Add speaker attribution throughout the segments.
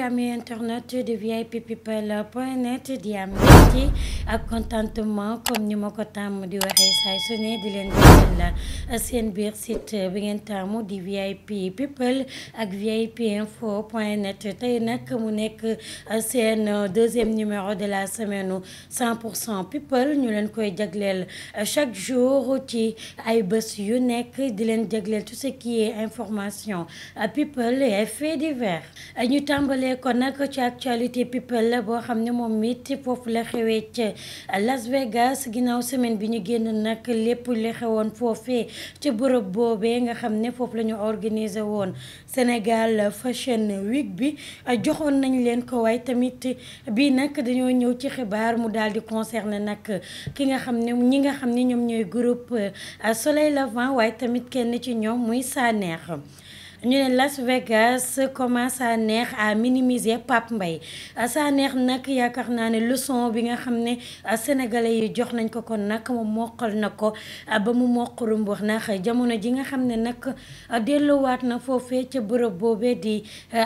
Speaker 1: amis internet de VIPpeople.net di à mbégte contentement comme ni ma ko tàmm di de saay su di site bi ngeen di VIP people ak VIP info net tey nag mu nekk deuxième numéro de la semaine 100 people ñu leen koy chaque jour qui ay bés yu de di tout ce qui est information people et effets divers ñu tàmbalee dooree ko nag ci actualité people la boo xam ne moom it foofu la xewee ca Las Vegas ginnaaw semaine bi ñu génn nag lépp li xewoon foofee ci bërëb boobee nga xam ne foofu la ñu organiser woon Sénégal Fashion Week bi joxoon nañu leen ko waaye tamit bii nag dañoo ñëw ci xibaar mu daal di concerné nag ki nga xam ne ñi nga xam ne ñoom ñooy groupe Soleil Levant waaye tamit kenn ci ñoom muy Saneex ñu ne Las Vegas commence à neex à minimiser Pape Mbaye saa neex nag yaakaar naa ne leçon bi nga xam ne sénégalais yi jox nañ ko kon nag mu moqal na ko ba mu moqarum wax ndax jamono ji nga xam ne nag delluwaat na foofee ca bërëb boobee di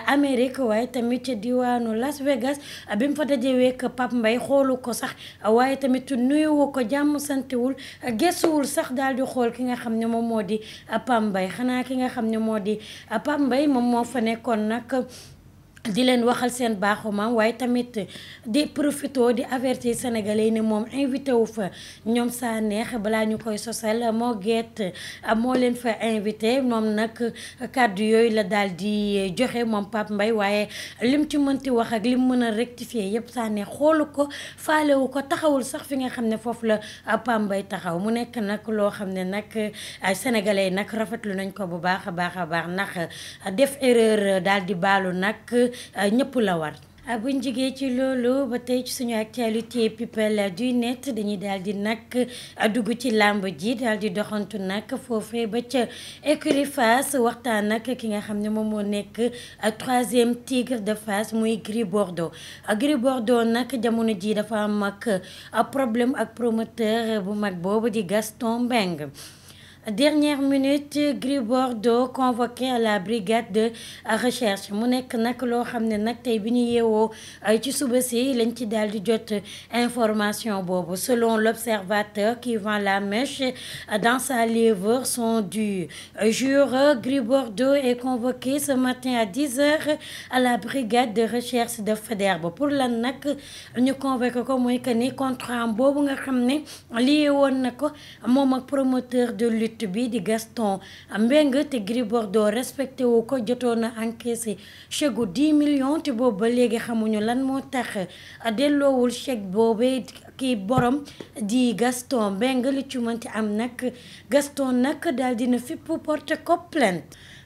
Speaker 1: Amérique waaye tamit diwaanu Las Vegas bi mu fa dajewee ak Pape Mbaye xoolu ko sax waaye tamit nuyuwu ko jàmm santewul gëstuwul sax daal di xool ki nga xam ne moom moo di Pape Mbaye xanaa ki nga xam ne moo di. Pape Mbaye moom moo fa nekkoon nag di len waxal sen baxuma way tamit di profito di avertir sénégalais ni mom invité wu fa ñom sa neex bala ñu koy sosal moo geet moo leen fa invité mom nak cadre yoy la daal di joxe mom pap mbay waye lim ci mënti wax ak lim mëna rectifier yëpp sa neex xoluko ko wu ko taxawul sax fi nga xamné fofu la pap mbay taxaw mu nekk nak lo xamné nak nag sénégalais rafet lu nañ ko bu baaxa baaxa baax nak def erreur daal di baalu nag. Euh, ñëpp la war. Ah, buñ jigee ci loolu ba tey ci suñu actualité people du net dañuy daal di nag euh, dugg ci làmb ji daal di doxantu nag foofee ba ca écurie Fass waxtaan nag ki nga xam ne moom moo nekk euh, troisième tigre de Fass muy Gris Bordeaux Gris Bordeaux nag jamono ji dafa am ak problème ak promoteur bu mag boobu di Gaston Mbengue dernière minute Gris Bordeaux convoqué à la brigade de recherche mu hamne information selon l'observateur qui vend la mèche dans sa livre son du jure Gris Bordeaux est convoqué ce matin à 10 h à la brigade de recherche de Federbo. pour la nous ñu convoqué comme mooy que ni contrat lié promoteur de lutte lutte bi di Gaston Mbengue te Gris Bordeaux respecté wu ko jotoon na encaissé chèque gu 10 te boobu ba léegi xamuñu lan moo tax delloowul chèque boobee kii borom di Gaston mbeng lu ci mënti am nag Gaston nag daal dina fipp porte ko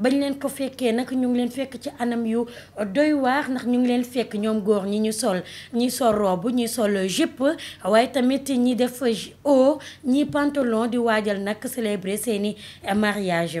Speaker 1: bañ leen ko fekkee nag ñu ngi leen fekk ci anam yu doy waax ndax ñu ngi leen fekk ñoom góor ñi ñu sol ñi sol robe ñi sol jupe waaye tamit ñi def haut ñi pantalon di waajal nag célébrer seeni mariage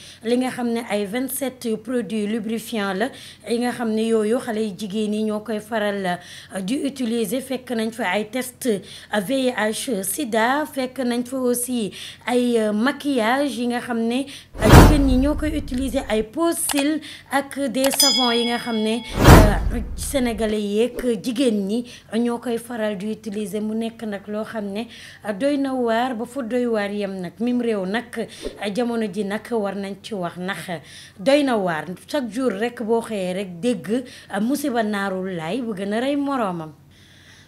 Speaker 1: li nga xamné ay 27 produits lubrifiants la yi nga xamné yoyu xalé xale yu jigéen yi ñoo faral euh, di utiliser fekk nañ fa ay test VIH euh, sida fekk nañ fa aussi ay euh, maquillage yi nga xamné ne ñi ñoo utiliser ay pose ak des savons yi nga xamné euh, sénégalais que jigen ñi ñoo faral di utiliser mu nekk nak lo xamné doyna doy na ba fu doy war yam nak mim rew nak jamono ji nak war nañ ci wax nak doy na chaque jour rek bo xé rek dégg musiba narul lay, bu gëna rey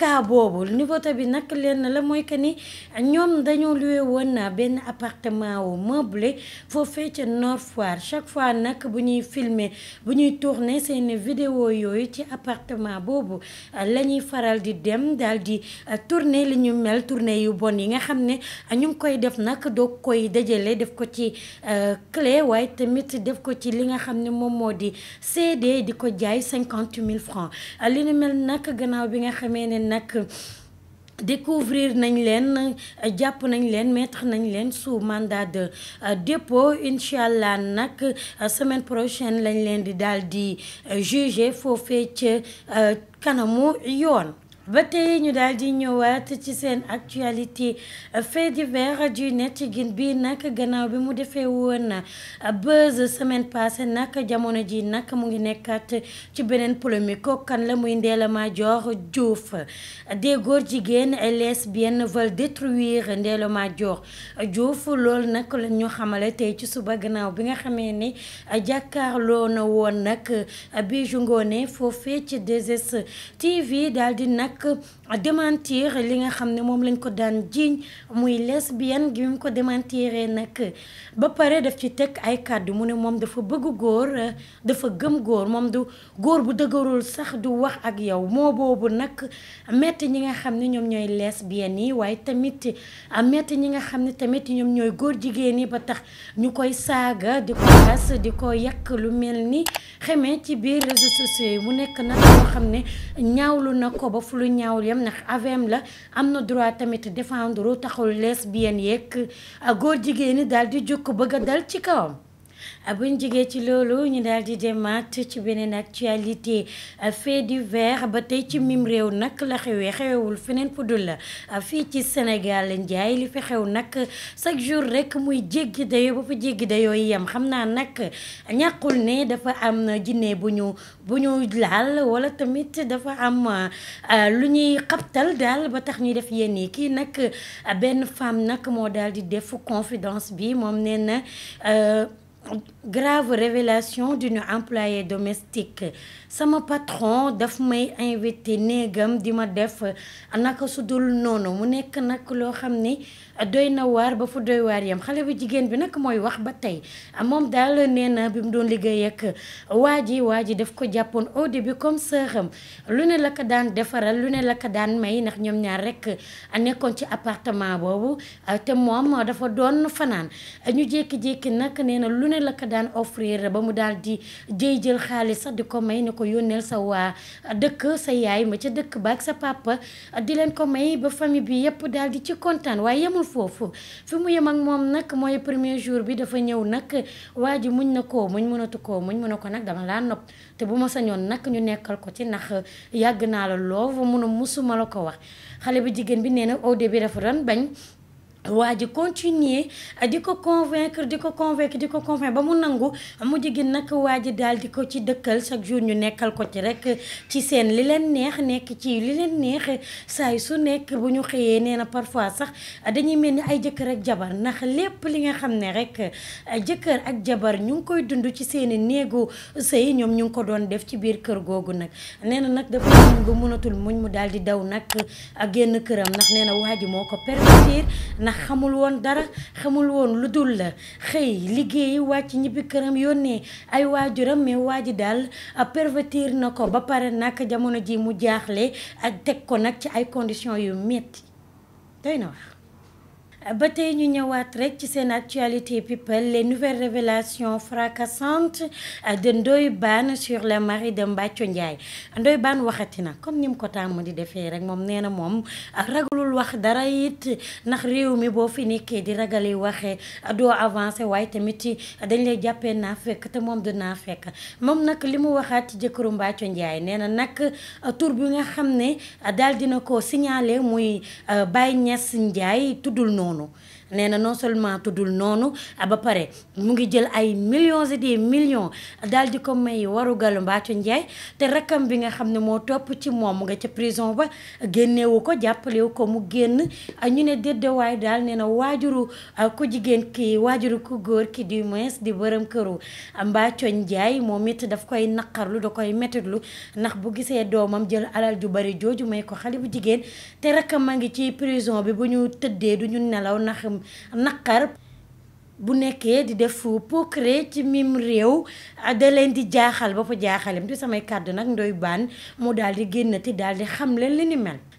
Speaker 1: niveau boobu nouveauté bi la moy que ni appartement meublé fofé ci Nord Foire chaque fois que buñuy filmer buñuy tourner vidéo yoy appartement bobo la faral di dem tourner li ñu tourner yu bon yi nga xamné koy euh, clé tamit def ko ci li nga cinquante francs Nak découvrir nañ les mettre sous mandat de euh, dépôt inshallah nak euh, semaine prochaine lañ di euh, juger fofé kanamu ba tey ñu daldi ñëwaat ci seen actualité fait divers du net gin bi nak gannaaw bi mu defee woon buzz semaine passée nak jamono ji nak mu ngi benen ci kan polémique kan la muy Ndella Madior Diouf des gor jigéen lesbiennes veulent détruire Ndella Madior Diouf lool nak la ñu xamale tay ci suba gannaaw bi nga xamé ni jakarlo na woon nak bi ju fofé ci tv daldi nag démentir li nga xam ne moom lañ ko daan jiiñ muy lees lesbienne gi mu ko démentiré nag ba pare def ci teg ay kàddu mu ne moom dafa bëgg góor dafa gëm góor moom du góor bu dëgërul sax du wax ak yow moo boobu nag metti ñi nga xam ne ñoom ñooy lesbienne yi waaye tamit metti ñi nga xam ne tamit ñoom ñooy góor jigéen yi ba tax ñu koy saaga di ko gas di ko yàq lu mel ni xeme ci biir réseaux sociaux yi mu nekk nag loo xam ne ñaawlu na ko ba lu ñaaw yem ndax avem la am na droit tamit défendre taxul lesbienne yeeg euh, góor jigéen ñi daal di jukk bëgg a dal ci kawam. Ah, bu ñu jigee ci loolu ñu daal di demaat ci beneen actualité ah, fait divers ba tey ci mim réew nag la xewee xewewul feneen fudul la ah, fii ci Sénégal njaay li fi xew nag chaque jour rek muy jéggi dayoo ba fa jéggi dayoo yem xam naa nag ñàkkul ne dafa am jinne bu ñu bu ñu wala tamit dafa am lu ñuy xabtal daal ba tax ñuy def yenn yi kii nag benn femme nag moo dal di def confidence bi moom nee na. grave révélation d'une employée domestique sama patron daf may invité négam di ma def naka su dul mu nek nak lo xam doyna war ba fu doy war yam xale bu jigen bi nak moy wax ba tay mom daal neena bim doon ak waji waji ko japon au début comme sœuram lu ne la ko daan defaral lu ne la daan may nak ñom ñaar rek nekkon ci appartement bobu te mom dafa doon fanaan ñu jékki-jékki nak neena mune la ko daan offrir ba mu daal di jëy jël xaalis di ko may ne ko yónneel sa waa dëkk sa yaay ma ca dëkk baag sa papa di leen ko may ba famille bi yépp daal di ci kontaan waaye yemul foofu fi mu yem ak moom nag mooy premier jour bi dafa ñëw nag waa ji muñ na koo muñ munatu koo muñ mu ko nag dama laa nopp te bu ma sañoon nag ñu nekkal ko ci ndax yàgg naa la loo mu nu ko wax xale bi jigéen bi nee na au début dafa doon bañ waa ji continuer ah, di ko convaincre di ko convaincre di ko convaincre ba mu nangu ah, mu gi nag waa ji daal di ko ci dëkkal chaque jour ñu nekkal ko ci rek ci seen li leen neex nekk ci li leen neex saa su nekk bu ñu xëyee nee na parfois sax ah, dañuy mel ni ay jëkkër ak jabar ndax lépp li nga xam ne rek jëkkër ak jabar ñu ngi koy dund ci seeni néegu sëy ñoom ñu ngi ko doon def ci biir kër googu nag nee na nag dafa muñ ba mënatul muñ mu daal di daw nag genn këram ndax nee na waa ji moo ko pervertir xamul woon dara xamul woon lu dul la xëy liggéey wàcc ñibbi këram yónnee ay waajuram mais waa ji daal ah, pervertir na ko ba pare naka jamono ji mu jaaxle ak ah, teg ko nag ci ay conditions yu metti doy na wax ba tey ñu ñëwaat rek ci seen actualité people les nouvelles révélations fracassantes de Ndoye Bane sur le mari de Mbathio Ndiaye Ndoye Bane waxatina na comme ni ko tàmm di defee rek mom nee mom ragulul wax dara it nax réew mi bo fi nekkee di ragalé waxé do avancer way tamit dañ lay jappé na fekk té mom du naa fekk mom nak limu mu waxaat ci jëkkëru Mbathio Ndiaye nee na nag tur bi nga xamné ne daal dina ko signalé muy Baye Niass Ndiaye tuddul noonu sono nee na non seulement tuddul noonu ah, ba pare mu ngi jël ay millions et des millions daal di ko may warugal Mbathio Ndiaye te rakkam bi nga xam ne moo topp ci moom mu nga ca prison ba génnewu ko jàppalewu ko mu génn ah, ñu ne déddewaay daal nee na waajuru ah, ku jigéen ki waajuru ku góor ki du moins di bërëm këru Mbathio Ndiaye moo it daf koy naqarlu da koy mettitlu ndax bu gisee doomam jël alal ju bari jooju may ko xale bu jigéen te rakkam a ngi ci prison bi bu ñu tëddee du ñu nelaw ndax am naqar bu nekkee di def progrès ci miim réew da di jaaxal ba fa jaaxalem di samay kàddu nag ndoy baan mu daal di génnati daal di xamle li ni mel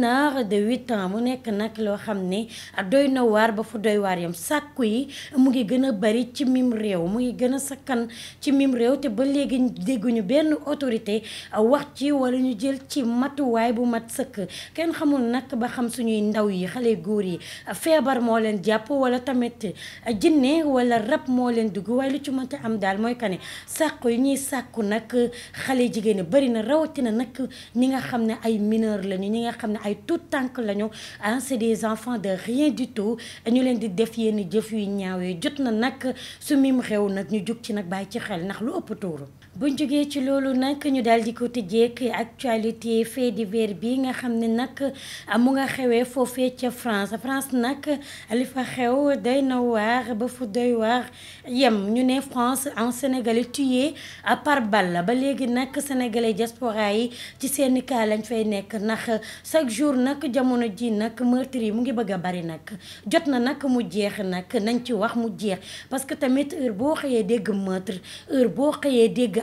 Speaker 1: mineur de huit ans mu nekk nag loo xam ne doy na waar ba fu doy waar yam sàkku yi mu ngi gën a bari ci mim réew mu ngi gën a sakkan ci mim réew te ba léegi dégguñu benn autorité wax ci wala ñu jël ci matuwaay bu mat sëkk kenn xamul nag ba xam suñuy ndaw yi xale góor yi feebar moo leen jàpp wala tamit jinne wala rab moo leen dugg waaye lu ci mënta am daal mooy kane sàkku yi ñuy sàkku nag xale jigéen ñi bari na rawatina nag ñi nga xam ne ay mineur lañu tout tout temps que ah c'est des enfants de rien du tout nous leen di nous avons jëf yu buñ jógee ci loolu nag ñu daal di ko tëjee actualité fait divers bi nga xam ne nag mu nga xewee foofee ca France France nag li fa xew day na waar ba fu day waar yem ñu ne France en Sénégalais tué par balle ba léegi nag sénégalais diaspora yi ci seen kaa lañ fay nekk ndax chaque jour nag jamono ji nag meurtre yi mu ngi bëgg a bari nag jot na nag mu jeex nag nañ ci wax mu jeex parce que tamit heure boo xëyee dégg meurtre heure boo xëyee dégg.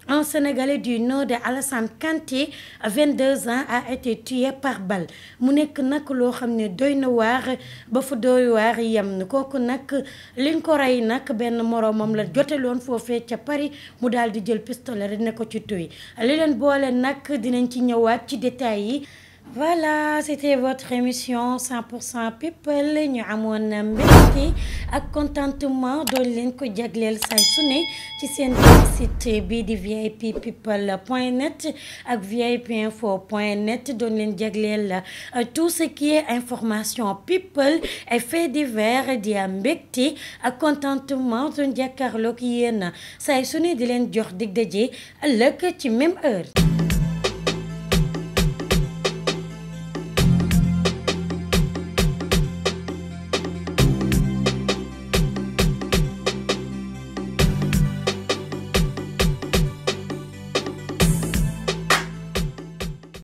Speaker 1: Un Sénégalais du Nord de Alassane Kanté, 22 ans, a été tué par balle Munek nekk nag loo xam ne doy na waar ba fu doy war yem koku nak liñ ko ray nak ben moromam la joteloon fofé ca Paris mu daldi jël pistolet rek ne ko ci tuy li leen boole nag dinañ ci ñëwaat ci détails yi voilà c'était votre émission 100% people avons un mbégte ak contentement Nous leen ko jagleel say su ne ci seen site bii ak vipinfo.net euh, tout ce qui est information people et fait divers di am ak contentement doon jàkkaarloog yéen say su ne di leen jox dig ci même heure.